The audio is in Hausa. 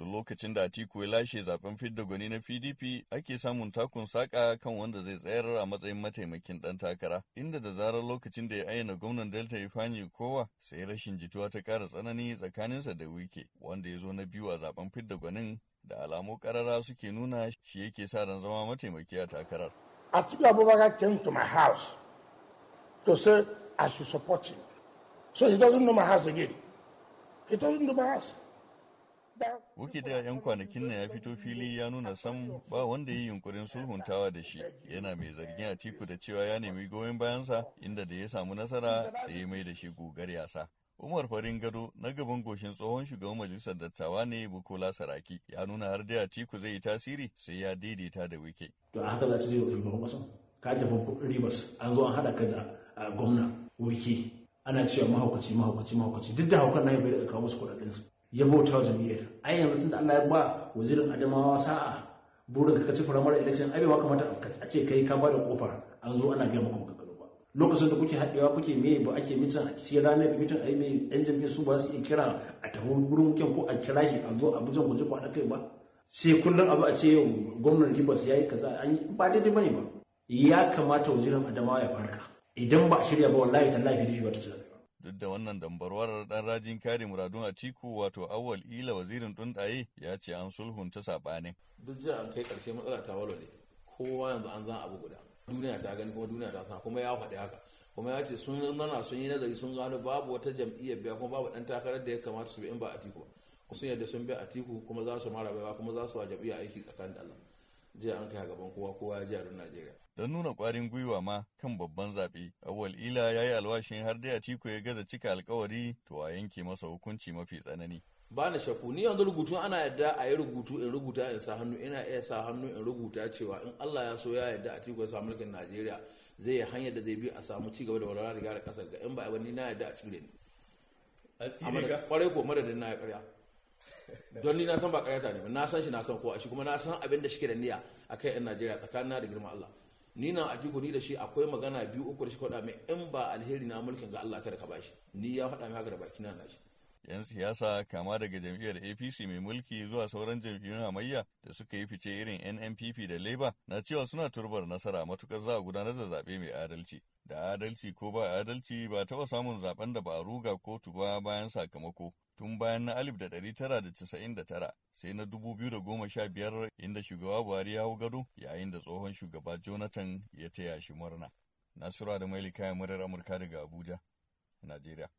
Tun lokacin da Atiku ya lashe zaben fidda gwani na PDP ake samun takun saƙa kan wanda zai tsayar a matsayin mataimakin ɗan takara, inda da zarar lokacin da ya ayyana gwamnan Delta Ifeanyi kowa sai rashin jituwa ta ƙara tsanani tsakaninsa da Wike, wanda ya zo na biyu a zaben fidda gwanin da alamu ƙarara suke nuna shi yake sa ran zama mataimaki a takarar. Atiku Abubakar came to my house to say I should support him. So he doesn't know my house again. He doesn't know Wuke da 'yan kwanakin na ya fito fili ya nuna sam ba wanda ya yi yunkurin sulhuntawa da shi yana mai zargin a tiku da cewa ya nemi goyon bayansa inda da ya samu nasara sai ya mai da shi gogar yasa. Umar Farin Gado na gaban goshin tsohon shugaban majalisar dattawa ne Bukola Saraki ya nuna har da Atiku zai yi tasiri sai ya daidaita da wike. To a haka za ta je wa shugaban ka tafi ribas an zo an haɗa ka da gwamna wiki ana cewa mahaukaci mahaukaci mahaukaci duk da haukan na bai da kawo su kuɗaɗen su ya bauta wa jam'iyyar ai yanzu da Allah ya ba wazirin Adamawa sa'a burin ka kaci firamar election ai kamata a ce kai ka bada kofa an zo ana biya maka ba lokacin da kuke haɗewa kuke me ba ake mitin a cikin ranar mitin yi mai yan jam'iyyar su ba su iya kira a taho gurin kyan ko a kira shi a zo a bujin ku ji ku kai ba sai kullum a zo a ce gwamnan ya yi kaza an ba daidai ba ne ba ya kamata wazirin Adamawa ya farka idan ba a shirya ba wallahi tallafi da shi ba ta ci Duk da wannan dambarwar ɗan rajin kare muradun a Tiku wato Awal Ila wazirin Dundaye ya ce an sulhunta saɓanin. Duk jiya an kai ƙarshe matsala ta walwale. Kowa yanzu an zan abu guda. Duniya ta gani kuma duniya ta san kuma ya faɗi haka. Kuma ya ce sun nana sun yi nazari sun gano babu wata jam'iyyar biya kuma babu ɗan takarar da ya kamata su bi in ba a Tiku ba. Sun yadda sun bi a Tiku kuma za su mara baiwa kuma za su wa jam'iyya aiki tsakanin Allah. jiya an kai gaban kowa kowa ya ji a Najeriya. Don nuna kwarin gwiwa ma kan babban zaɓe, Awal Ila ya yi alwashin har dai ciko ya gaza cika alkawari to a yanke masa hukunci mafi tsanani. Ba na shaku ni yanzu rubutu ana yadda a yi rubutu in rubuta in sa hannu ina iya sa hannu in rubuta cewa in Allah ya so ya yadda Atiku ya samu mulkin Najeriya zai yi hanyar da zai bi a samu ci gaba da walwala da gyara ƙasar ga in ba a ni na yadda a cire ni. Amma da ƙwarai ko madadin na ya ƙarya. don ni na san ba karyata ne na san shi na san kowa shi kuma na san abin da shi ke da niyya a kai yan najeriya tsakanin da girma allah ni na a ni da shi akwai magana biyu uku da shi kwada mai in ba alheri na mulkin ga allah kada ka bashi ni ya faɗa mai haka da baki na shi 'yan siyasa kama daga jam'iyyar apc mai mulki zuwa sauran jam'iyyun hamayya da suka yi fice irin nnpp da labour na cewa suna turbar nasara matukar za a gudanar da zaɓe mai adalci da adalci ko ba adalci ba taɓa samun zaben da ba a ruga kotu ba bayan sakamako tun bayan na alif da da da tara casa'in ɗari tara sai na dubu biyu da goma sha biyar inda shugaba buhari ya hau gado yayin da tsohon shugaba jonathan ya taya shi murna nasiru da mailika ya murar amurka daga abuja najeriya